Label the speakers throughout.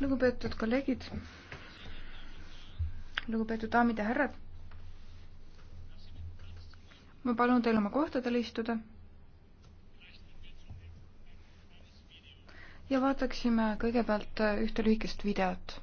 Speaker 1: lugupeetud kolleegid, lugupeetud daamid ja härrad. ma palun teil oma kohtadele istuda. ja vaataksime kõigepealt ühte lühikest videot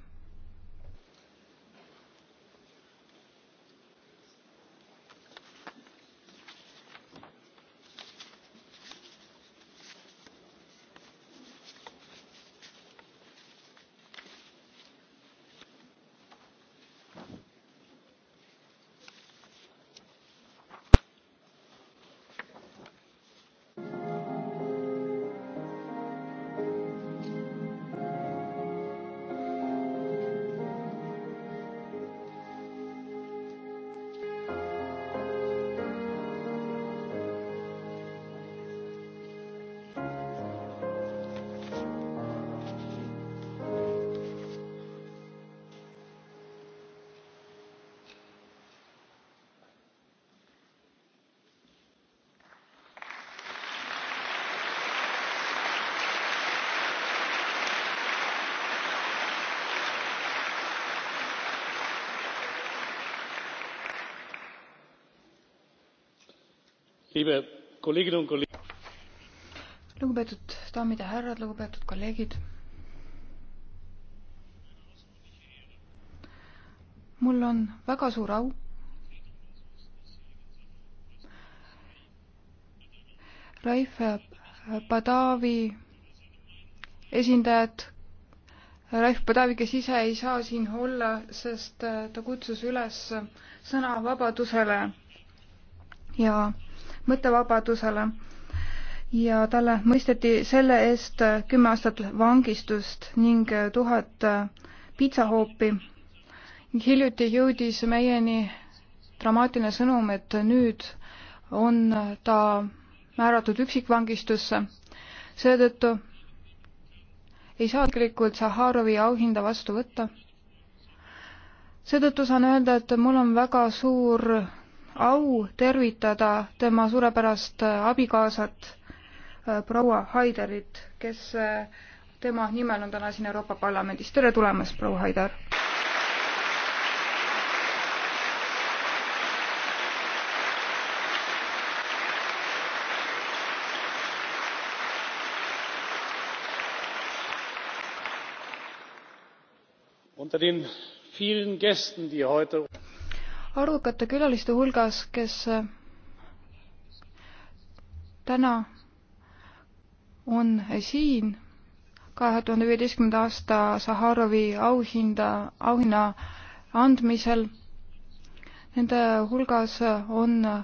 Speaker 1: lugupeetud daamid ja härrad, lugupeetud kolleegid. mul on väga suur au Raif Padavi esindajat, Raif Padavi, kes ise ei saa siin olla, sest ta kutsus üles sõnavabadusele ja mõttevabadusele ja talle mõisteti selle eest kümme aastat vangistust ning tuhat piitsahoopi. hiljuti jõudis meieni dramaatiline sõnum, et nüüd on ta määratud üksikvangistusse. seetõttu ei saa tegelikult Saharovi auhinda vastu võtta. seetõttu saan öelda, et mul on väga suur au tervitada tema suurepärast abikaasat äh, proua Haiderit, kes äh, tema nimel on täna siin Euroopa Parlamendis. tere tulemast, proua Haider! unter den vielen gästen die heute arvukate külaliste hulgas, kes äh, täna on äh, siin kahe tuhande viieteistkümnenda aasta Saharovi auhinda, auhinna andmisel. Nende hulgas on äh,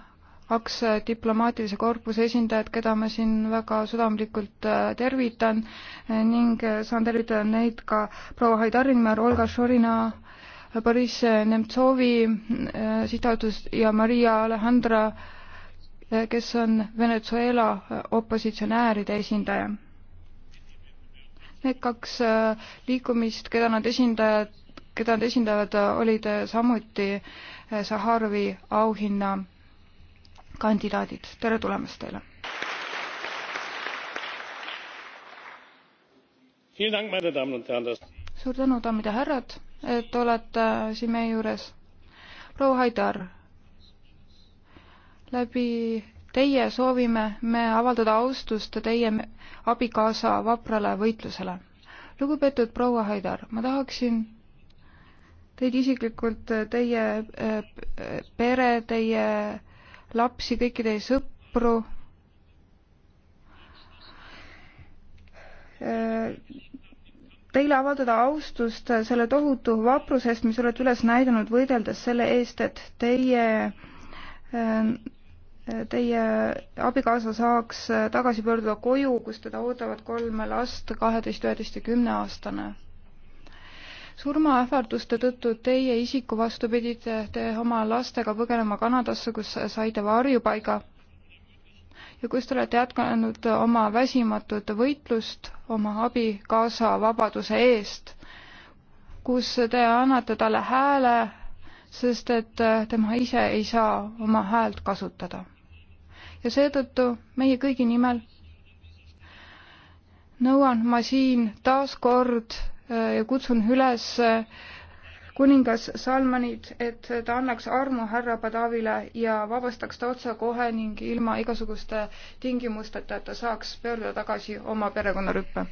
Speaker 1: kaks diplomaatilise korpuse esindajat, keda ma siin väga südamlikult tervitan ning saan tervitada neid ka proua Haidarin, Olga Šorina Boris Nemtsovi äh, sihtasutus ja Maria Alejandra, äh, kes on Venezuela äh, opositsionääride esindaja. Need kaks liikumist, keda nad esindajad, keda nad esindavad, olid samuti Saharovi auhinna kandidaadid. tere tulemast teile! vielen dank meine damen und herren! suur tänu, daamid ja härrad, et olete siin meie juures. proua Haidar, läbi teie soovime me avaldada austust teie abikaasa vaprale võitlusele. lugupeetud proua Haidar, ma tahaksin teid isiklikult, teie eh, pere, teie lapsi, kõiki teie sõpru, eh, teile avaldada austust selle tohutu vapruse eest, mis olete üles näidanud, võideldes selle eest, et teie, ähm, teie abikaasa saaks tagasi pöörduda koju, kus teda ootavad kolm last, kaheteist, üheteist ja kümneaastane. surmaähvarduste tõttu teie isiku vastu pidite te oma lastega põgenema Kanadasse, kus saite varjupaiga ja kus te olete jätkanud oma väsimatut võitlust oma abikaasa vabaduse eest, kus te annate talle hääle, sest et tema ise ei saa oma häält kasutada. ja seetõttu meie kõigi nimel nõuan ma siin taas kord ja kutsun üles kuningas Salmanit, et ta annaks armu härra Badavile ja vabastaks ta otsekohe ning ilma igasuguste tingimusteta, et ta saaks pöörduda tagasi oma perekonnarüppe.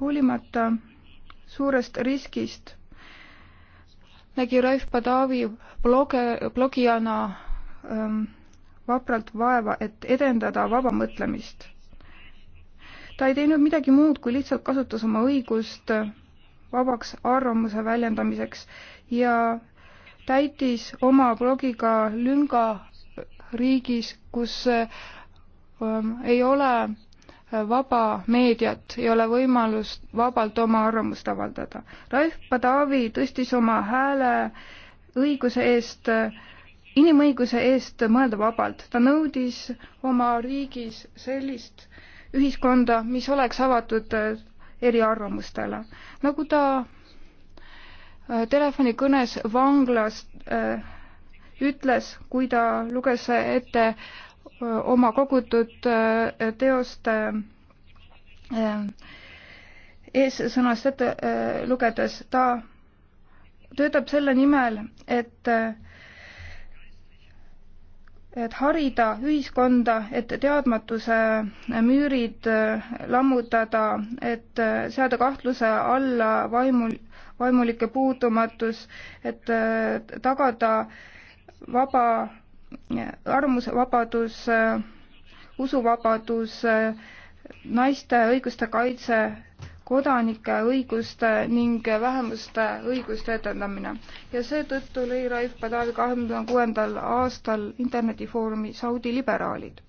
Speaker 1: hoolimata suurest riskist nägi Raif Badavi bloge, blogijana ähm, vapralt vaeva, et edendada vaba mõtlemist. ta ei teinud midagi muud, kui lihtsalt kasutas oma õigust äh, vabaks arvamuse väljendamiseks ja täitis oma blogiga lünga riigis, kus äh, ähm, ei ole vaba meediat, ei ole võimalust vabalt oma arvamust avaldada. Raif Padavi tõstis oma hääle õiguse eest, inimõiguse eest mõelda vabalt. ta nõudis oma riigis sellist ühiskonda, mis oleks avatud äh, eriarvamustele. nagu ta äh, telefonikõnes vanglas äh, ütles, kui ta luges ette Äh, oma kogutud äh, teost äh, eessõnast ette lugedes, ta töötab selle nimel, et et harida ühiskonda, et teadmatuse müürid lammutada, et seada kahtluse alla vaimul, vaimulike puutumatus, et tagada vaba arvamusvabadus, usuvabadus, naiste õiguste kaitse, kodanike õiguste ning vähemuste õiguste etendamine. ja seetõttu lõi Raif Padavi kahekümne kuuendal aastal internetifoorumi Saudi liberaalid.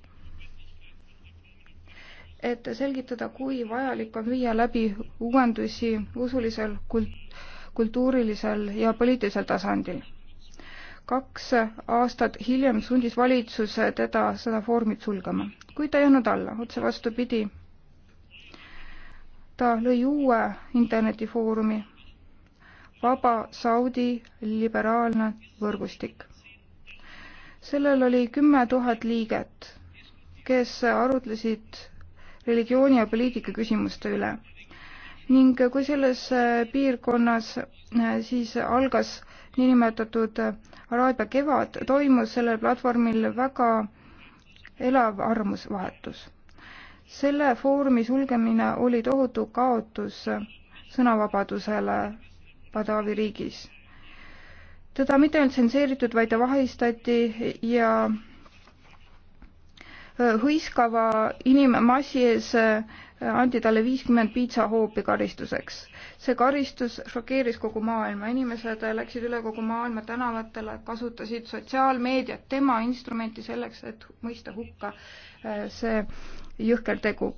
Speaker 1: et selgitada, kui vajalik on viia läbi uuendusi usulisel kult-, kultuurilisel ja poliitilisel tasandil kaks aastat hiljem sundis valitsus teda seda foorumit sulgema, kuid ta ei andnud alla, otse vastupidi. ta lõi uue internetifoorumi, Vaba Saudi Liberaalne Võrgustik. sellel oli kümme tuhat liiget, kes arutlesid religiooni ja poliitika küsimuste üle ning kui selles piirkonnas eh, siis algas niinimetatud äh, Araabia kevad, toimus sellel platvormil väga elav arvamusvahetus. selle foorumi sulgemine oli tohutu kaotus äh, sõnavabadusele Padavi riigis. teda mitte ainult tsenseeritud, vaid ta vahistati ja hõiskava inimmassi ees äh, anti talle viiskümmend piitsahoopi karistuseks. see karistus šokeeris kogu maailma, inimesed läksid üle kogu maailma tänavatele, kasutasid sotsiaalmeediat, tema instrumenti selleks, et mõista hukka äh, see jõhker tegu.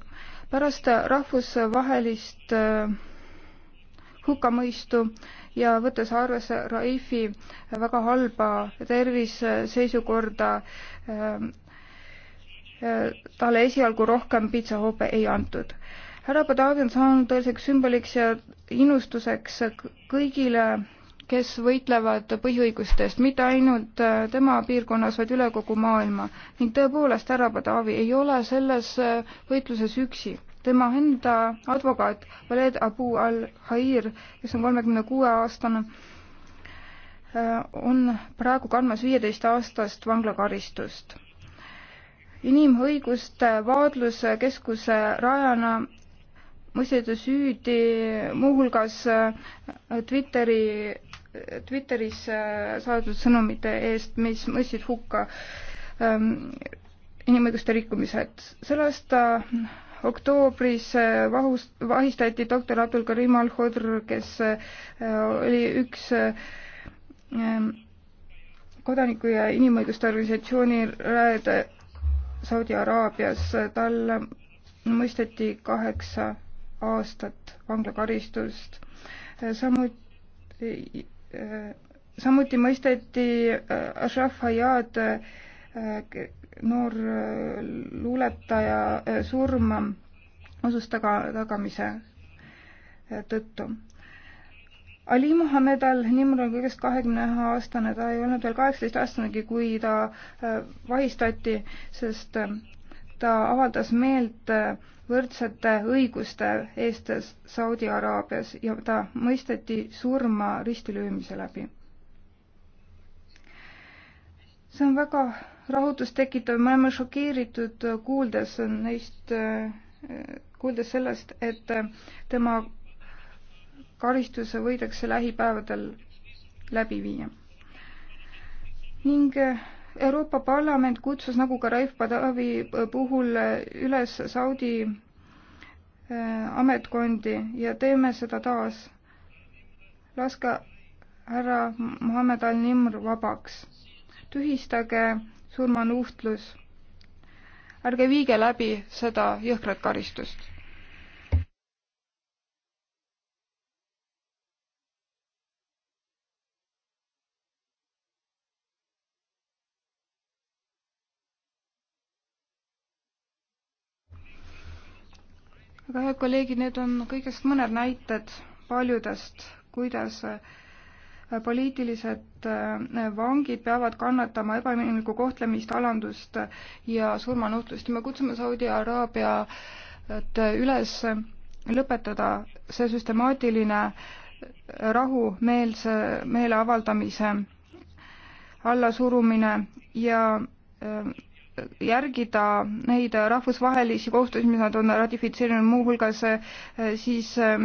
Speaker 1: pärast rahvusvahelist äh, hukkamõistu ja võttes arvesse Raifi väga halba terviseseisukorda, talle esialgu rohkem piitsahoope ei antud. härra Padavi on saanud tõeliseks sümboliks ja innustuseks kõigile, kes võitlevad põhiõigustest, mitte ainult äh, tema piirkonnas, vaid üle kogu maailma. ning tõepoolest, härra Padavi ei ole selles äh, võitluses üksi. tema enda advokaat Valed Abu al-Hair, kes on kolmekümne kuue aastane, äh, on praegu kandmas viieteist aastast vanglakaristust inimõiguste vaadluskeskuse rajana mõisteti süüdi muuhulgas äh, Twitteri, Twitteris äh, saadud sõnumite eest, mis mõistsid hukka ähm, inimõiguste rikkumised. selle aasta oktoobris äh, vahus, vahistati doktor Abdul Karim Al-Khodr, kes oli üks ähm, kodaniku- ja inimõiguste organisatsiooni Saudi Araabias, talle mõisteti kaheksa aastat vanglakaristust. samuti, samuti mõisteti äh, Ashraf Hayad, äh, noor äh, luuletaja, surma osuste tagamise tõttu Ali Muhamed al-Nimr on kõigest kahekümne ühe aastane, ta ei olnud veel kaheksateist aastanegi, kui ta äh, vahistati, sest äh, ta avaldas meelt äh, võrdsete õiguste eest Saudi Araabias ja ta mõisteti surma ristilöömise läbi. see on väga rahutust tekitav, me oleme šokeeritud, kuuldes neist, kuuldes sellest, et tema karistuse võidakse lähipäevadel läbi viia. ning eh, Euroopa Parlament kutsus, nagu ka Raif Badavi eh, puhul, eh, üles Saudi ametkondi ja teeme seda taas. laske härra Mohammed al-Nimr vabaks. tühistage surmanuhtlus. ärge viige läbi seda jõhkrat karistust aga head kolleegid, need on kõigest mõned näited paljudest, kuidas äh, poliitilised äh, vangid peavad kannatama ebainimlikku kohtlemist, alandust äh, ja surmanuhtlust ja me kutsume Saudi Araabiat üles lõpetada see süstemaatiline rahumeelse meeleavaldamise allasurumine ja järgida neid rahvusvahelisi kohtusi, mis nad on ratifitseerinud, muuhulgas eh, siis eh,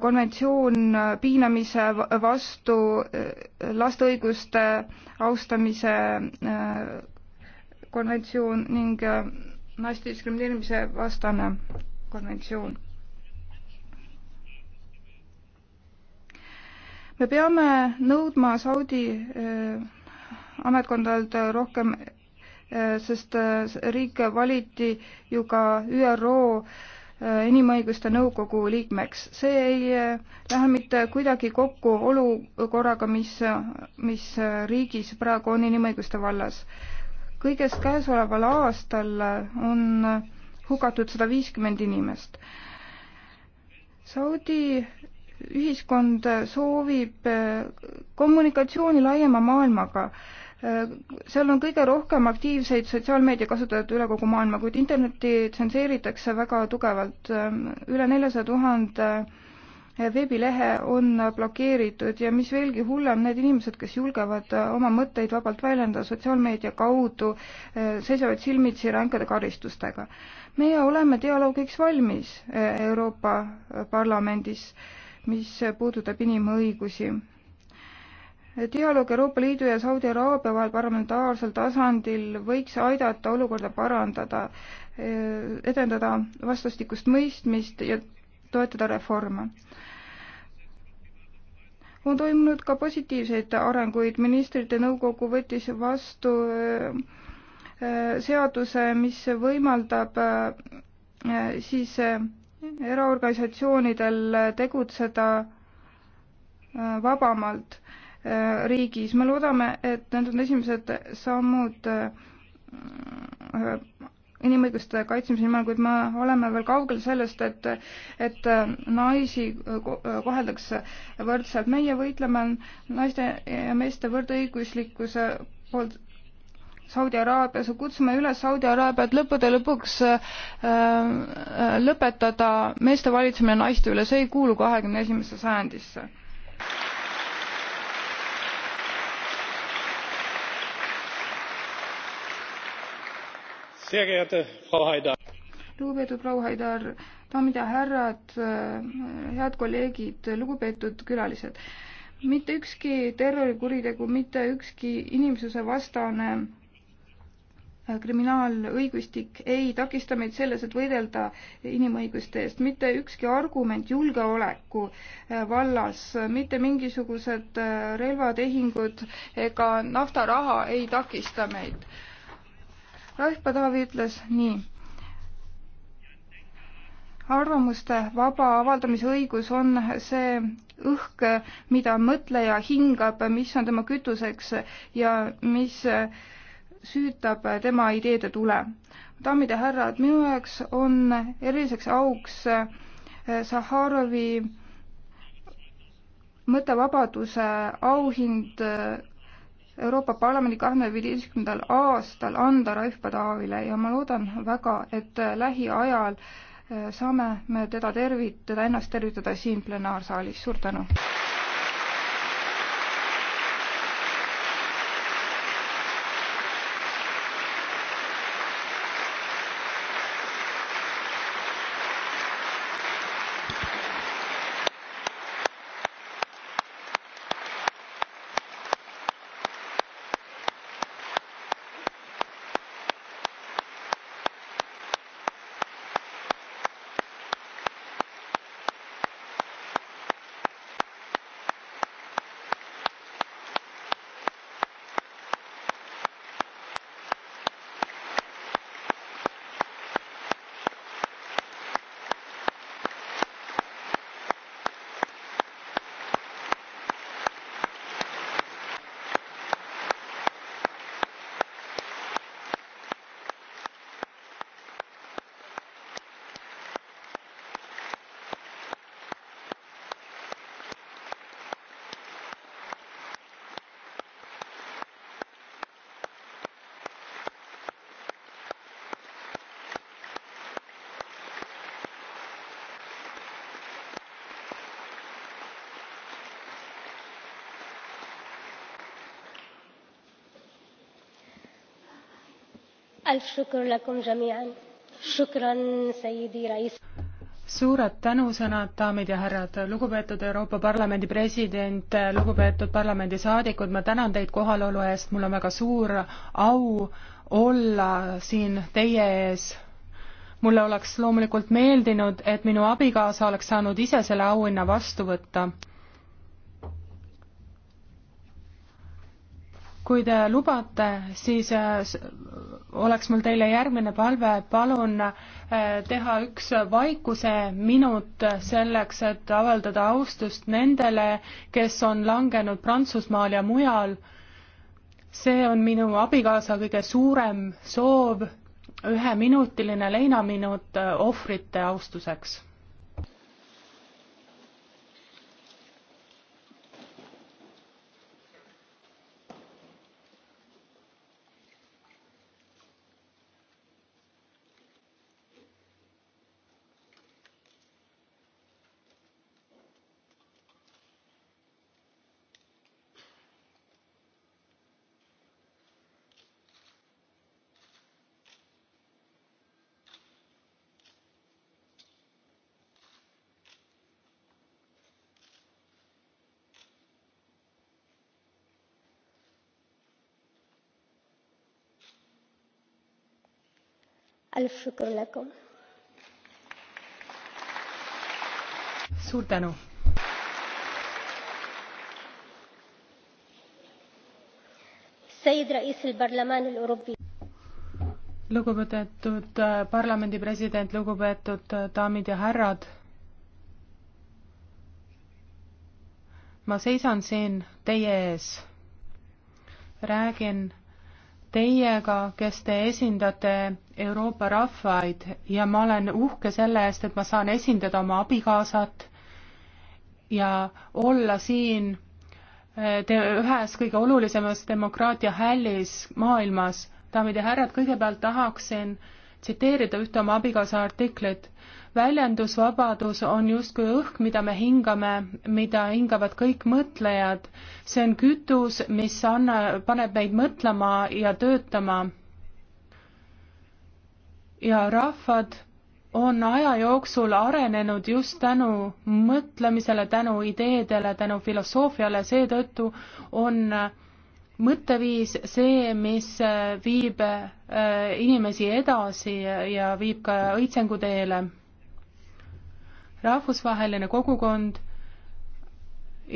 Speaker 1: konventsioon piinamise vastu, eh, laste õiguste austamise konventsioon ning naiste diskrimineerimise vastane konventsioon. me peame nõudma Saudi ametkondadelt rohkem Eh, sest eh, riik valiti ju ka ÜRO eh, inimõiguste nõukogu liikmeks. see ei lähe mitte kuidagi kokku olukorraga, mis, mis riigis praegu on inimõiguste vallas. kõigest käesoleval aastal on hukatud sada viiskümmend inimest. Saudi ühiskond soovib kommunikatsiooni laiema maailmaga Äh, seal on kõige rohkem aktiivseid sotsiaalmeedia kasutajaid üle kogu maailma, kuid internetti tsenseeritakse väga tugevalt. Äh, üle neljasaja tuhande äh, veebilehe on blokeeritud ja mis veelgi hullem, need inimesed, kes julgevad oma mõtteid vabalt väljendada sotsiaalmeedia kaudu, seisavad silmitsi ränkade karistustega. meie oleme dialoogiks valmis Euroopa Parlamendis, mis puudutab inimõigusi dialoog Euroopa Liidu ja Saudi Araabia vahel parlamentaarsel tasandil võiks aidata olukorda parandada, edendada vastastikust mõistmist ja toetada reforme. on toimunud ka positiivseid arenguid, ministrite nõukogu võttis vastu äh, seaduse, mis võimaldab äh, siis äh, eraorganisatsioonidel tegutseda vabamalt riigis. me loodame, et need on esimesed sammud äh, inimõiguste kaitsmise nimel, kuid me oleme veel kaugel sellest, et, et naisi koheldakse võrdselt. meie võitleme naiste ja meeste võrdõiguslikkuse poolt Saudi Araabias ja kutsume üles Saudi Araabiat lõppude lõpuks äh, äh, lõpetada meeste valitsemine naiste üle, see ei kuulu kahekümne esimesse sajandisse. lugupeetud proua Haidar, daamid ja härrad, head kolleegid, lugupeetud külalised. mitte ükski terrorikuritegu, mitte ükski inimsusevastane äh, kriminaalõigustik ei takista meid selles, et võidelda inimõiguste eest. mitte ükski argument julgeoleku äh, vallas, mitte mingisugused äh, relvatehingud ega naftaraha ei takista meid Raif Padavi ütles nii. arvamuste vaba avaldamise õigus on see õhk, mida mõtleja hingab, mis on tema kütuseks ja mis süütab tema ideede tule. daamid ja härrad, minu jaoks on eriliseks auks eh, Saharovi mõttevabaduse auhind eh, Euroopa Parlamendi kahekümne viieteistkümnendal aastal anda Raivo Taavile ja ma loodan väga, et lähiajal eh, saame me teda tervitada, ennast tervitada siin plenaarsaalis, suur tänu!
Speaker 2: suured tänusõnad, daamid ja härrad, lugupeetud Euroopa Parlamendi president, lugupeetud parlamendisaadikud, ma tänan teid kohalolu eest, mul on väga suur au olla siin teie ees mulle oleks loomulikult meeldinud, et minu abikaasa oleks saanud ise selle auhinna vastu võtta. kui te lubate, siis äh, oleks mul teile järgmine palve, palun äh, teha üks vaikuseminut selleks, et avaldada austust nendele, kes on langenud Prantsusmaal ja mujal. see on minu abikaasa kõige suurem soov, üheminutiline leinaminut äh, ohvrite austuseks ألف شكر لكم suur tänu. lugupeetud äh, parlamendi president, lugupeetud äh, daamid ja härrad. ma seisan siin teie ees, räägin teiega, kes te esindate Euroopa rahvaid ja ma olen uhke selle eest, et ma saan esindada oma abikaasat ja olla siin eh, te ühes kõige olulisemas demokraatia hällis maailmas. daamid ja härrad, kõigepealt tahaksin äh, tsiteerida ühte oma abikaasa artiklit. väljendusvabadus on justkui õhk, mida me hingame, mida hingavad kõik mõtlejad. see on kütus, mis anna, paneb meid mõtlema ja töötama. ja rahvad on aja jooksul arenenud just tänu mõtlemisele, tänu ideedele, tänu filosoofiale, seetõttu on äh, mõtteviis see, mis äh, viib äh, inimesi edasi ja viib ka õitsengu teele. rahvusvaheline kogukond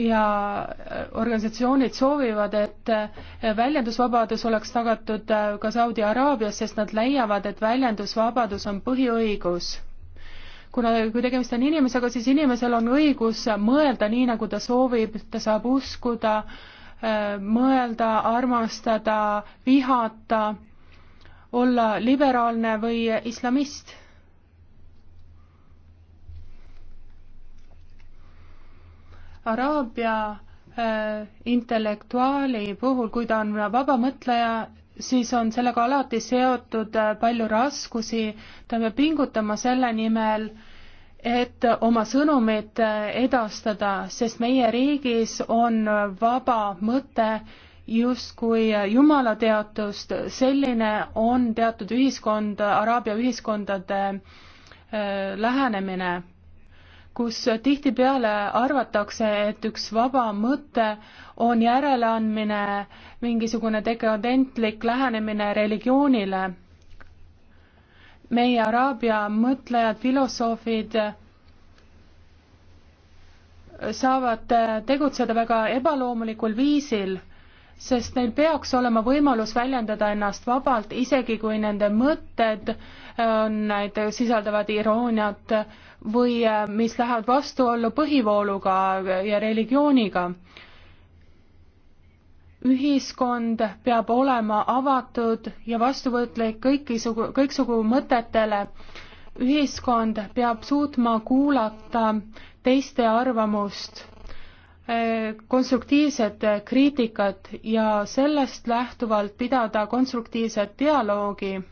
Speaker 2: ja äh, organisatsioonid soovivad, et väljendusvabadus oleks tagatud ka Saudi Araabias, sest nad leiavad, et väljendusvabadus on põhiõigus. kuna, kui tegemist on inimesega, siis inimesel on õigus mõelda nii, nagu ta soovib, ta saab uskuda äh, mõelda, armastada, vihata, olla liberaalne või islamist. Araabia äh, intellektuaali puhul, kui ta on vabamõtleja, siis on sellega alati seotud äh, palju raskusi, ta peab pingutama selle nimel äh, et oma sõnumit edastada, sest meie riigis on vaba mõte justkui jumala teatust, selline on teatud ühiskond, araabia ühiskondade äh, lähenemine, kus tihtipeale arvatakse, et üks vaba mõte on järeleandmine, mingisugune dekadentlik lähenemine religioonile meie Araabia mõtlejad, filosoofid saavad tegutseda väga ebaloomulikul viisil, sest neil peaks olema võimalus väljendada ennast vabalt, isegi kui nende mõtted äh, on näiteks, sisaldavad irooniat või äh, mis lähevad vastuollu põhivooluga ja religiooniga ühiskond peab olema avatud ja vastuvõtlik kõikisugu, kõiksugu mõtetele. ühiskond peab suutma kuulata teiste arvamust, eh, konstruktiivset kriitikat ja sellest lähtuvalt pidada konstruktiivset dialoogi.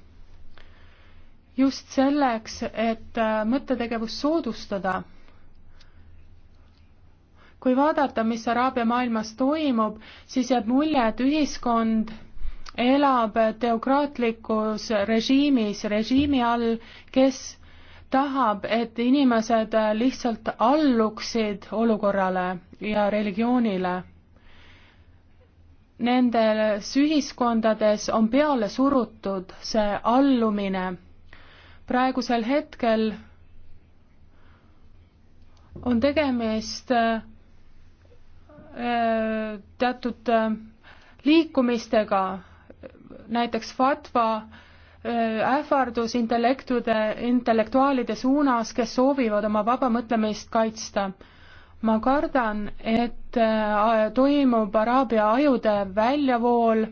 Speaker 2: just selleks, et eh, mõttetegevust soodustada kui vaadata, mis Araabia maailmas toimub, siis jääb mulje, et ühiskond elab teokraatlikus režiimis, režiimi all, kes tahab, et inimesed lihtsalt alluksid olukorrale ja religioonile. Nendes ühiskondades on peale surutud see allumine. praegusel hetkel on tegemist äh, Äh, teatud äh, liikumistega, näiteks fatva äh, ähvardus intellektude, intellektuaalide suunas, kes soovivad oma vaba mõtlemist kaitsta. ma kardan, et toimub araabia ajude väljavool,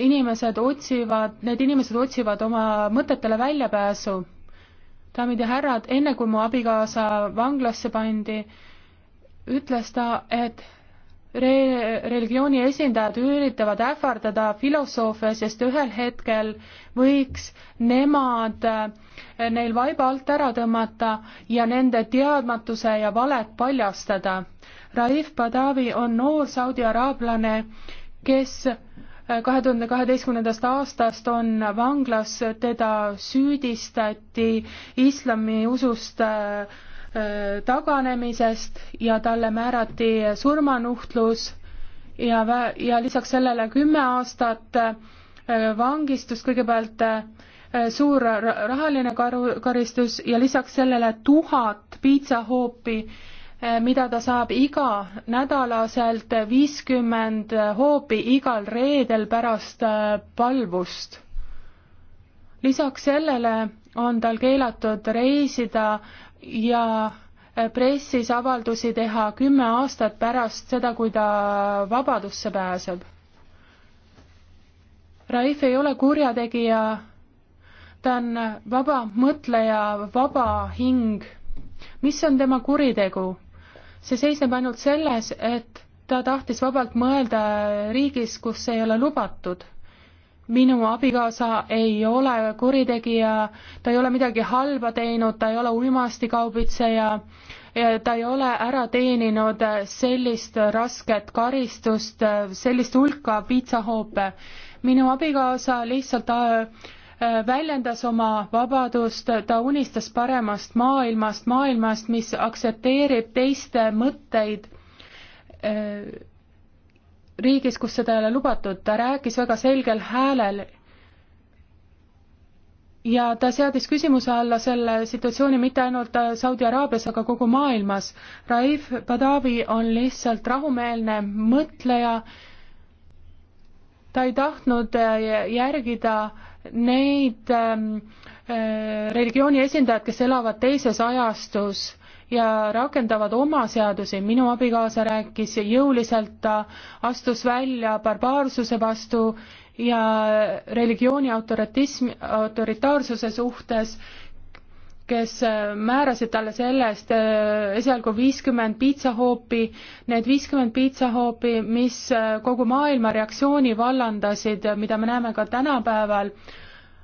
Speaker 2: inimesed otsivad, need inimesed otsivad oma mõtetele väljapääsu. daamid ja härrad, enne kui mu abikaasa vanglasse pandi, ütles ta, et re-, religiooni esindajad üritavad ähvardada filosoofe, sest ühel hetkel võiks nemad äh, neil vaiba alt ära tõmmata ja nende teadmatuse ja valet paljastada. Raif Badavi on noor saudi-araablane, kes äh, kahe tuhande kaheteistkümnendast aastast on vanglas, teda süüdistati islamiusust äh, Äh, taganemisest ja talle määrati surmanuhtlus ja, ja lisaks sellele kümme aastat äh, vangistust, kõigepealt äh, suur rahaline karu, karistus ja lisaks sellele tuhat piitsahoopi, mida ta saab iga nädalaselt viiskümmend hoopi igal reedel pärast palvust. lisaks sellele on tal keelatud reisida ja pressis avaldusi teha kümme aastat pärast seda, kui ta vabadusse pääseb. Raif ei ole kurjategija, ta on vaba mõtleja, vaba hing. mis on tema kuritegu? see seisneb ainult selles, et ta tahtis vabalt mõelda riigis, kus ei ole lubatud minu abikaasa ei ole kuritegija, ta ei ole midagi halba teinud, ta ei ole uimastikaubitseja, ta ei ole ära teeninud sellist rasket karistust, sellist hulka piitsahoope. minu abikaasa lihtsalt äh, väljendas oma vabadust, ta unistas paremast maailmast, maailmast, mis aktsepteerib teiste mõtteid äh, riigis, kus seda ei ole lubatud, ta rääkis väga selgel häälel ja ta seadis küsimuse alla selle situatsiooni mitte ainult Saudi Araabias, aga kogu maailmas. Raif Badavi on lihtsalt rahumeelne mõtleja, ta ei tahtnud äh, järgida neid ähm, äh, religiooni esindajad, kes elavad teises ajastus ja rakendavad oma seadusi. minu abikaasa rääkis jõuliselt, ta astus välja barbaarsuse vastu ja religiooni autoritism, autoritaarsuse suhtes, kes määrasid talle selle eest äh, esialgu viiskümmend piitsahoopi, need viiskümmend piitsahoopi, mis kogu maailma reaktsiooni vallandasid, mida me näeme ka tänapäeval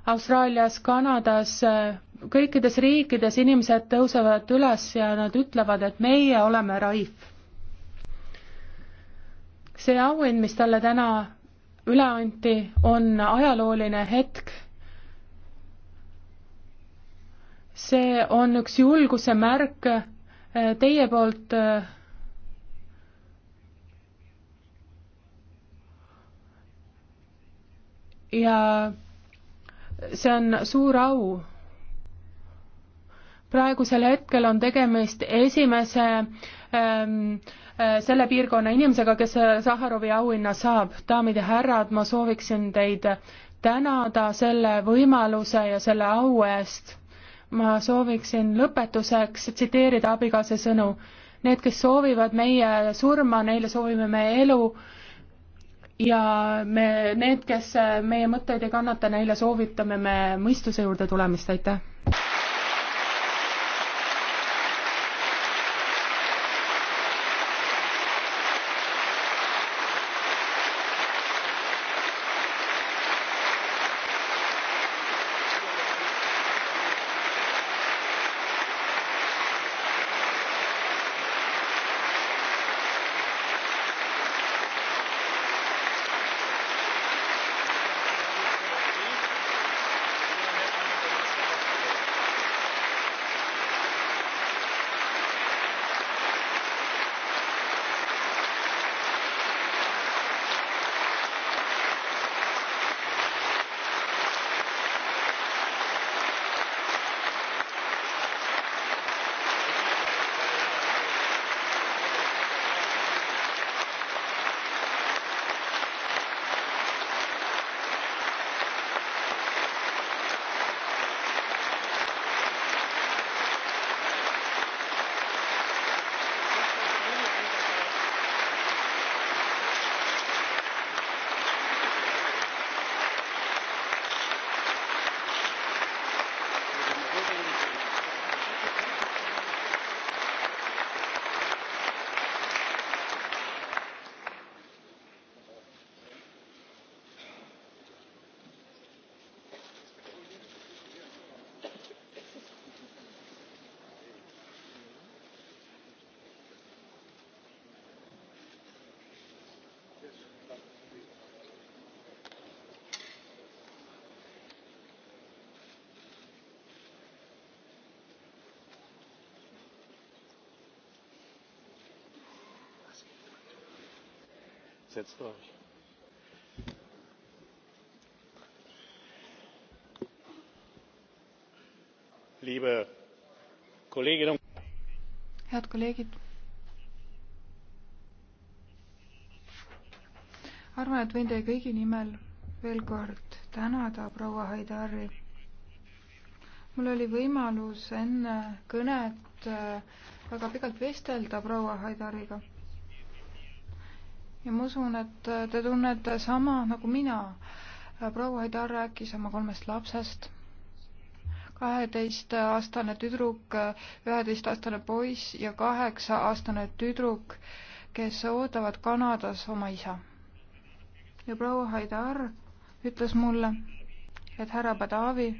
Speaker 2: Austraalias, Kanadas, kõikides riikides inimesed tõusevad üles ja nad ütlevad, et meie oleme Raif. see auhind, mis talle täna üle anti, on ajalooline hetk. see on üks julguse märk eh, teie poolt eh, ja see on suur au. praegusel hetkel on tegemist esimese ähm, äh, selle piirkonna inimesega, kes Saharovi auhinna saab. daamid ja härrad, ma sooviksin teid tänada selle võimaluse ja selle au eest. ma sooviksin lõpetuseks tsiteerida abikaasa sõnu. Need, kes soovivad meie surma, neile soovime me elu ja me, need, kes meie mõtteid ei kannata, neile soovitame me mõistuse juurde tulemist, aitäh! jetzt durch. liebe kolleginnen und
Speaker 1: head kolleegid! arvan et võin teie kõigi nimel veel kord tänada proua haidari mul oli võimalus enne kõnet äh, väga pikalt vestelda proua haidariga ja ma usun, et te tunnete sama nagu mina. proua Haidar rääkis oma kolmest lapsest. kaheteistaastane tüdruk, üheteistaastane poiss ja kaheksa-aastane tüdruk, kes ootavad Kanadas oma isa. ja proua Haidar ütles mulle, et härra Badavi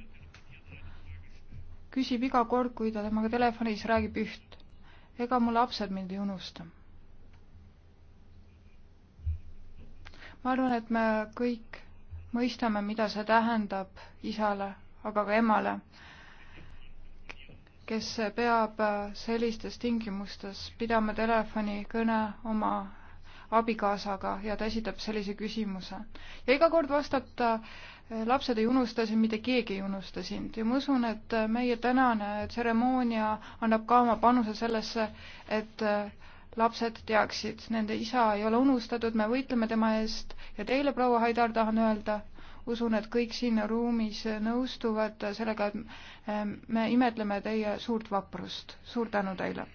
Speaker 1: küsib iga kord, kui ta temaga telefonis räägib üht. ega mu lapsed mind ei unusta ma arvan, et me kõik mõistame, mida see tähendab isale, aga ka emale, kes peab sellistes tingimustes pidama telefonikõne oma abikaasaga ja ta esitab sellise küsimuse. ja iga kord vastab ta, eh, lapsed ei unusta sind, mitte keegi ei unusta sind ja ma usun, et meie tänane tseremoonia annab ka oma panuse sellesse, et äh, lapsed teaksid, nende isa ei ole unustatud, me võitleme tema eest ja teile, proua Haidar, tahan öelda, usun, et kõik siin ruumis nõustuvad sellega, et eh, me imetleme teie suurt vaprust. suur tänu teile!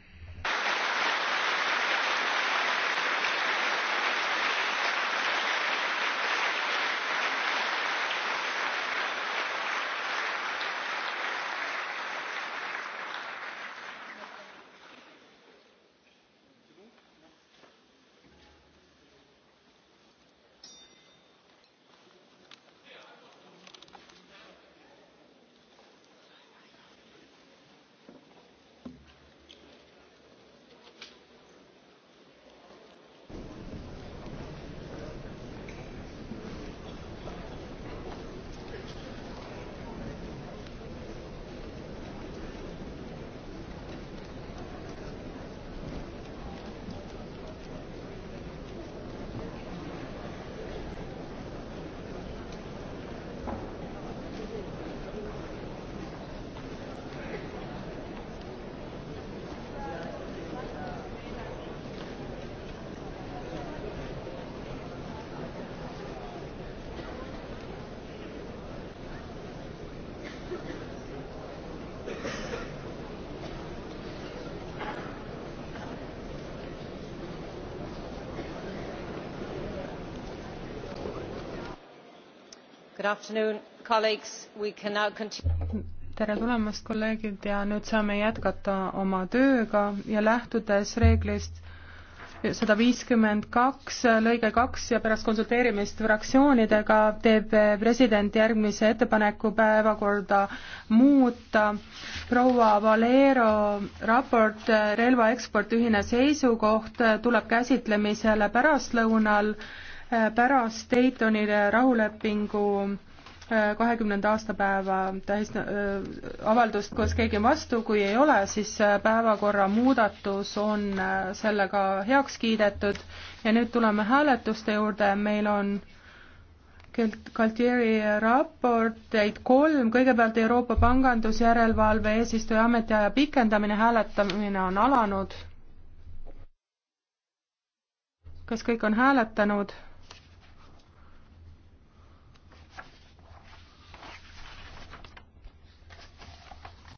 Speaker 2: tere tulemast, kolleegid, ja nüüd saame jätkata oma tööga ja lähtudes reeglist sada viiskümmend kaks lõige kaks ja pärast konsulteerimist fraktsioonidega teeb president järgmise ettepaneku päevakorda muuta. proua Valero raport relva eksport ühine seisukoht tuleb käsitlemisele pärastlõunal pärast Daytoni rahulepingu äh, kahekümnenda aastapäeva tähis- äh,, avaldust, kas keegi on vastu, kui ei ole, siis äh, päevakorra muudatus on äh, sellega heaks kiidetud ja nüüd tuleme hääletuste juurde, meil on Galtieri raporteid kolm, kõigepealt Euroopa Pangandusjärelevalve eesistuja ametiaja pikendamine, hääletamine on alanud. kas kõik on hääletanud?